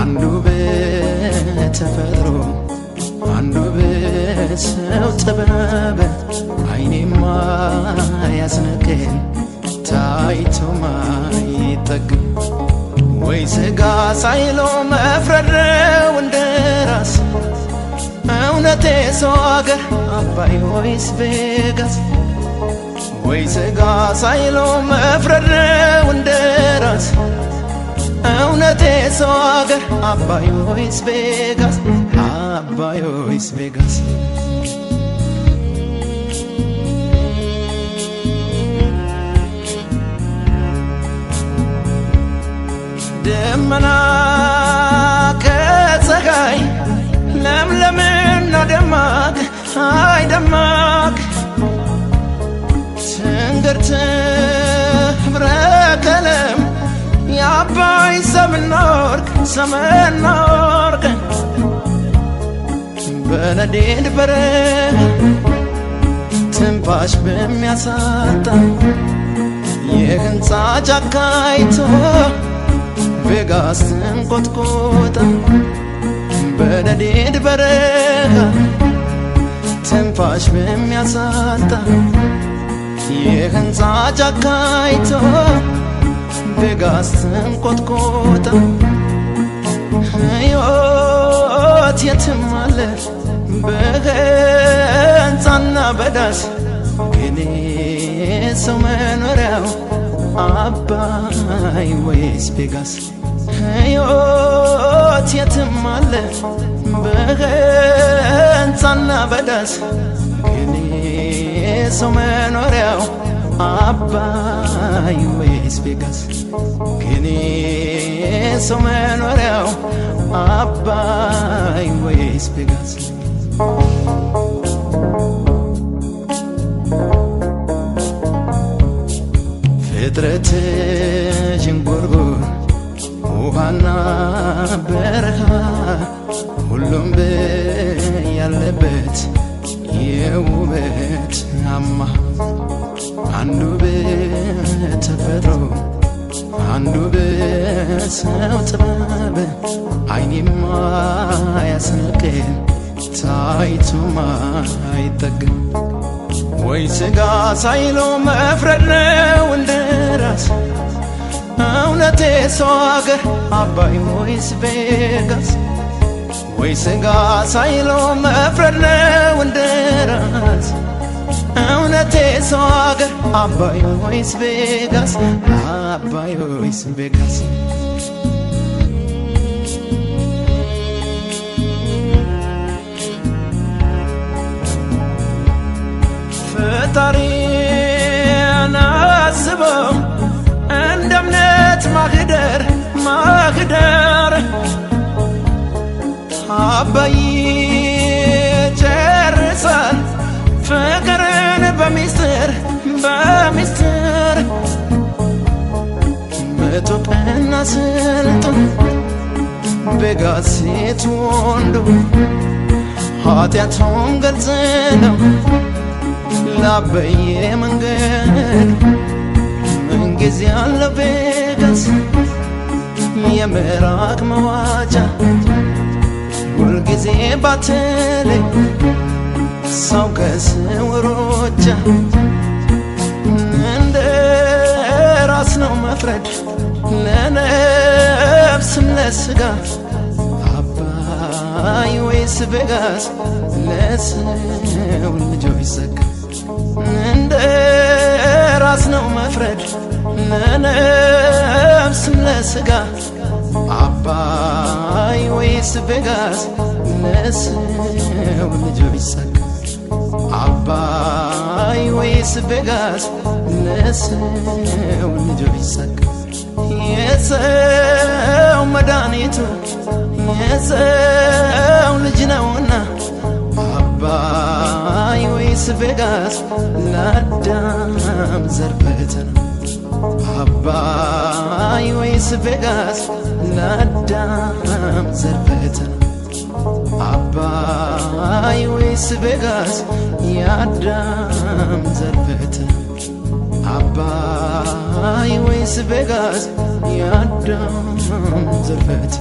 አንዱ ተፈጥሮ አንዱ በሰው ጥበብ አይኔማ ያስነቅን ታይቶ ማይጠግብ ወይ ስጋ ሳይለው መፍረረው እንደ ራስ እውነቴ ሰው አገር አባይ ወይስ ቬጋስ ወይ ስጋ ሳይለው መፍረረው የሰው አገር አባይ ወይስ ቬጋስ አባይ ቬጋስ ደመና ከፀሐይ ለምለምና ደማቅ አይ ደማቅ ትንግርት ህብረ አባይ ሰምና ወርቅ ሰምና ወርቅ በነዴድ በረሃ ትንፋሽ በሚያሳጣ የህንፃ ጫካ አይቶ ቬጋስ ትንቆጥቆጣ በነዴድ በረሃ ትንፋሽ በሚያሳጣ የህንፃ ጫካ አይቶ በጋስ እንቆጥቆጣ ሕይወት የትም አለ በህንፃና በዳስ ግን ሰው መኖሪያው አባይ ወይስ ቬጋስ? ሕይወት የትም አለ በህንፃና በዳስ ግን ሰው መኖሪያው አባይ ወይስ ቬጋስ ከኔ ሰው መኖሪያው አባይ ወይስ ቬጋስ ፍጥረት ዥንጉርጉር ውሃና በረሃ ሁሉም በያለበት የውበት አማ አንዱ በተፈጥሮ አንዱ በሰው ጥበብ አይኔማ ያስንቅን ታይቶ አይጠግም ወይ ስጋ ሳይሎ መፍረድ ነው እንደራስ እውነቴ ሰው አገር አባይ ወይስ ቬጋስ ወይ ስጋ ሳይሎ መፍረድ ነው እንደራስ የሰው አገር አባይ ወይስ ቬጋስ? አባይ ወይስ ቬጋስ? ፈጣሪ አናስበው እንደ እምነት ማህደር ማህደር አባይ ሚስጥር በኢትዮጵያና ስልጡን ሴት ወንዱ ኃጢአቱን ገልጽ ነው ላበየ መንገድ ምንጊዜ አለ ቤጋስ የምዕራቅ መዋጫ ሁልጊዜ ባትለይ ሰው ከስውሮቻ እንደ ራስ ነው መፍረድ ለነፍስም ለስጋ አባይ ወይስ ቬጋስ ለሰው ልጆች ይዘጋ እንደ ራስ ነው መፍረድ ለነፍስም ለስጋ አባይ ወይስ ቬጋስ ለሰው ልጆች ይዘጋ አባይ Las Vegas ለሰው ልጆች ሳቅ የሰው መድኃኒቱ የሰው ልጅ ነውና አባይ ወይስ ቬጋስ ለአዳም ዘርበተ ነው አባይ ወይስ ቬጋስ ለአዳም ዘርበተ ነው አባይ ወይስ ቬጋስ የአዳም ዘርበት አባይ ወይስ ቬጋስ የአዳም ዘርበት